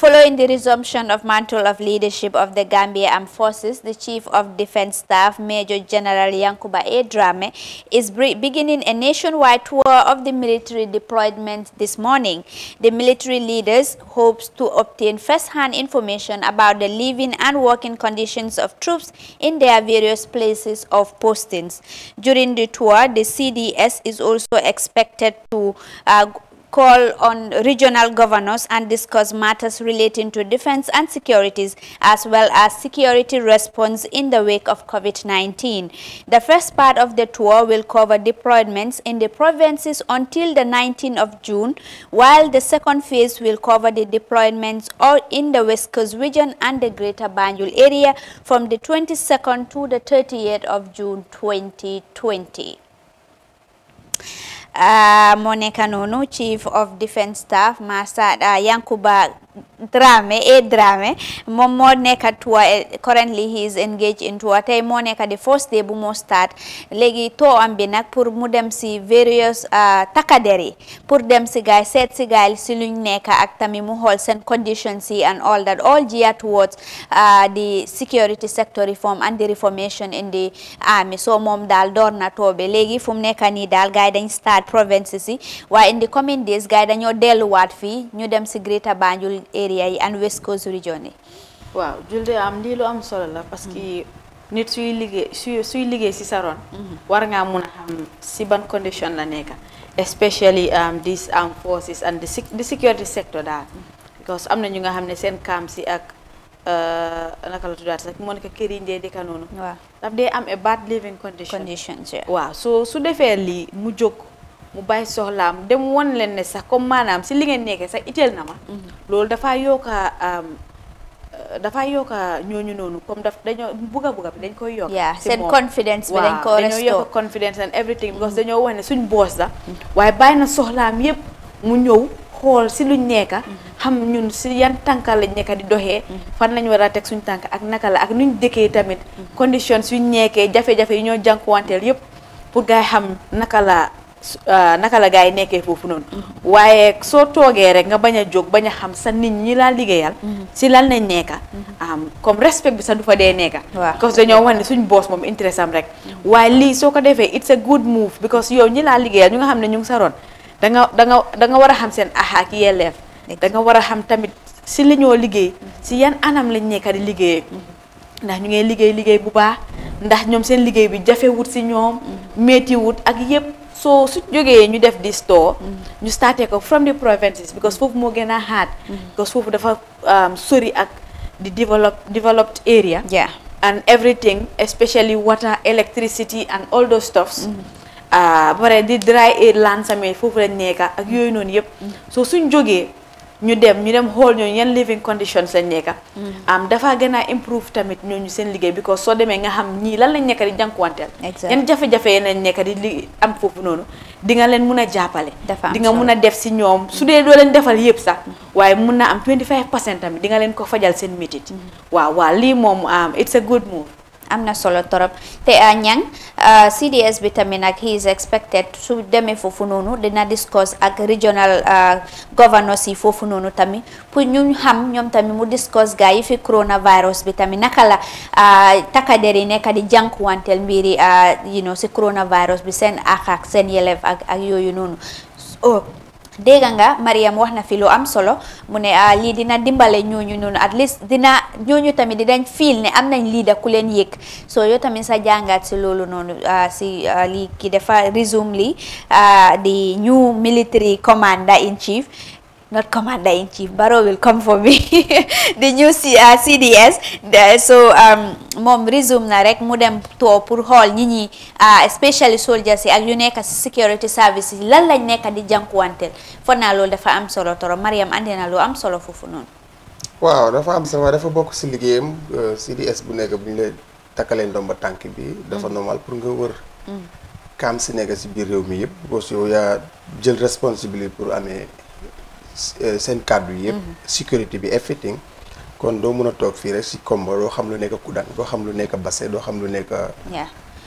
Following the resumption of mantle of leadership of the Gambia Armed Forces, the Chief of Defense Staff, Major General Yankuba Edrame, is beginning a nationwide tour of the military deployment this morning. The military leaders hopes to obtain first-hand information about the living and working conditions of troops in their various places of postings. During the tour, the CDS is also expected to uh, call on regional governors and discuss matters relating to defense and securities as well as security response in the wake of COVID-19. The first part of the tour will cover deployments in the provinces until the 19th of June, while the second phase will cover the deployments all in the West Coast region and the Greater Banjul area from the 22nd to the 30th of June 2020. Ah, moo nekk chief of Defense staff ah, yang Yankuba Dramé et Dramé moom moo nekka tour currently he is engaged in tour tey moo nekka the first day bu moo start léegi too am bi nag pour mu dem si various uh, takkader yi pour dem si gaay seet si gaay si luñ nekka ak tami mu xool seen conditions yi and all that all geared towards uh, the security sector reform and the reformation in the army so moom daal door na toobe léegi fu mu nekka nii daal gaay dañ start provinces yi waaye in the coming days gaay dañoo delluwaat fii ñu dem si Greater Nigeria yi and west coast region yi waaw julde am lii lu am solo la parce que mm-hmm. nit suy liggéey suy suy liggéey si saron mm-hmm. war nga mun xam ci ban condition la nekka especially um this armed forces and the security sector da mm-hmm. because am na ñu nga xamne sen kam ci si ak uh, naka la tudat sax monika keri ndé yi kanono waaw daf dé am a bad living condition waaw so su défé li mu jokk mu bàyyi soxlaam dem won leen ne sax comme maanaam si li ngeen nekkee sax itteel na ma. loolu dafaa yokka euh, dafaa yokka ñooñu noonu comme daf dañoo buga buga bi dañ koy yokk. si seen confidence bi dañ ko restore dañoo yokk confidence and everything. because mm-hmm. dañoo wax ne suñ boos la. waaye bàyyi na soxlaam yépp mu ñëw xool si luñ nekka mm-hmm. xam ñun si yan tànka lañ nekka di doxee. Mm-hmm. fan lañ war a teg suñ tànk ak naka la ak nuñ dëkkee tamit. conditions suñ nekkee jafe-jafe yi ñoo jànkuwanteel yépp pour gars Ah, naka la gars yi nekkee foofu noonu. Mm-hmm. waaye soo toogee rek nga bañ a jóg bañ a xam sa nit ñi laa liggéeyal. Mm-hmm. si lan lañ nekka mm-hmm. comme respect bi sax du fa dee nekka. waaw parce que dañoo wax ne suñ boss moom interest am rek. waaye lii soo ko defee it's a good move because yow ñi laa liggéeyal ñu nga xam ne ñu ngi sa roon da nga da nga da war a xam seen aha ak yelleef. da nga war a xam tamit si li ñoo liggéey. si yan anam lañ nekka di liggéeyee. ndax ñu ngi liggéey liggéey bu baax. ndax ñoom seen liggéey bi jafewut si ñoom. méttiwut ak soo su jógee ñu def di store ñu starté ko from the provinces because foofu moo gën a hard mm-hmm. because foofu dafa um, sori ak di develop developed area and everything especially water electricity and all those stuffs mm-hmm. uh, ba pare di dry land samee foofu lañ nekka ak yooyu noonu yëpp mm-hmm. so suñ jógee ñu dem ñu dem xool ñooñu yan living condition lañ nekka mm-hmm. am dafa gën a improve tamit ñooñu seen liggéey bi ko soo demee nga xam ñii lan lañ nekk di jànkuwanteel yan jafe-jafe yeen lañ nekk di li am foofu noonu di nga leen mun a jàppale di nga mun a def si ñoom su dee doo leen defal yëpp sax mm-hmm. waaye mun na am 25 percent tamit di nga leen ko fajal seen métit mm-hmm. waaw waaw lii moom um, it's a good move am na solo trop te ñang ah, ah, CDS bi tamit nag he is expected su demee foofu noonu dina discuss ak regional ah, governors yi foofu noonu tamit pour ñu xam ñoom tamit mu discuss gaa yi fi coronavirus bi tamit naka la takkader yi nekk di jànkuwanteel mbiri you know si coronavirus bi seen ak ak seen yelef ak ak yooyu noonu. dégg nga Mariam wax na fi lu am solo mu ne ah, lii dina dimbale ñooñu noonu at least dina ñooñu tamit di dañ fiil ne am nañ lii da ku leen yëg soo yow tamit sa jàngaat si loolu noonu ah, si ah, lii ki dafa resume li di new military commander in chief not comment in chief. Barrow will come for me. the new C, uh, CDS. so um, moom resume na rek mu dem toog pour xool ñi ñi uh, especially soldiers yi ak yu nekk si security services yi lan lañ nekka di jànkuwanteel foog naa loolu dafa am solo toro Mariam andi na lu am solo foofu noonu. waaw dafa am solo dafa bokk si liggéeyam uh, CDS bu nekk bu ñu lay takkalee ndomba tànk bi. Mm. dafa normal pour nga wër. Mm. kaam si nekk si biir réew mi yëpp parce yow yaa jël responsabilité pour amee. Euh, seen kàddu yëpp. Mhm. sécurité bi everything kon doo mën a toog fii rek si kombo doo xam lu nekk Kudan doo xam lu nekk Basse doo xam lu nekk.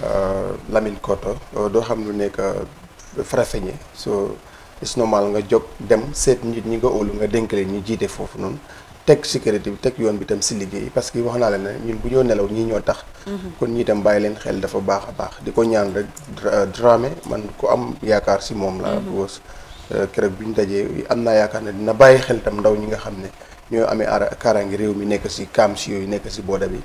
Euh, Lamine Koto euh, doo xam lu nekk Farafenni so it's normal nga jog dem seet nit ñi nga óolu nga dénk leen ñu jiite foofu noonu. teg sécurité bi teg yoon bi tam si liggéey parce que wax naa la ne ñun bu ñoo nelaw ñii ñoo tax. Mhm. kon ñii bàyyi leen xel dafa baax a baax di ko ñaan rek Dramé man ku am yaakaar si moom la. Mhm. Euh, keroog bi ñu dajee am naa yaakaar ne dina bàyyi xel tam ndaw ñi nga xam ne ñoo amee kaaraange réew mi nekk si kaam si yooyu nekk si booda bi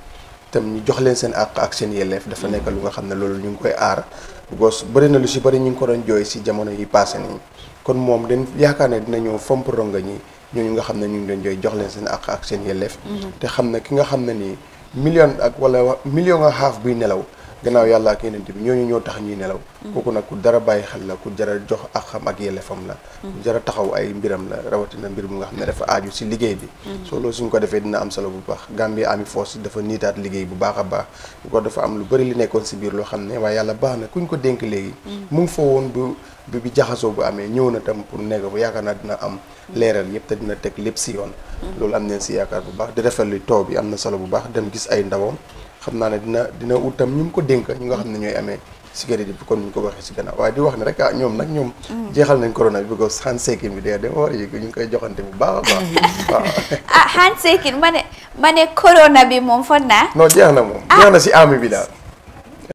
tam ñu jox leen seen àq ak seen yelleef dafa nekk lu nga xam ne loolu ñu ngi koy aar gos bëri na lu si bëri ñu ngi ko doon jooy si jamono yi passé kon moom dañ yaakaar ne dina ñëw fomp ronga ñi ñooñu nga xam ne ñu ngi doon jooy jox leen seen àq ak seen yelleef mm-hmm. te xam ne ki nga xam ne nii million ak wala million nga xaaf buy nelaw gannaaw yàlla ak yeneen bi ñooñu ñoo tax ñuy nelaw mm. kooku nag ku dara bàyyi xel la ku jara jox ak xam ak yelleefam la mm. ku jara taxaw ay mbiram la rawatina mbir mu nga xam ne dafa aaju si liggéey bi mm. soo loolu ko defee dina am solo bu baax Gambie Army Forces dafa niitaat liggéey bu baax a baax bu am lu bëri li nekkoon si biir loo xam ne waaye yàlla baax na kuñ ko dénk léegi mu ngi woon bu bi bi jaxasoo bu amee ñëw na tam pour nekk bu yaakaar naa dina am leeral yëpp te dina teg lépp si yoon loolu am neen si yaakaar bu baax di rafetlu taw bi am na solo bu baax dem gis ay ndawam xam naa ne dina dina ut tam ñu mu ko dénk ñu nga xam ne ñooy amee si sécurité bi kon ñu ko waxee si gannaaw waaye di wax ne rek ah ñoom nag ñoom. Mm. jeexal nañ corona bi because hansekin bi day dem war yi ñu ngi koy joxante bu baax a baax waaw. ah hansekin ma ne ma ne corona bi moom foog naa. non jeex na moom. Ah. jeex na si ami bi daal.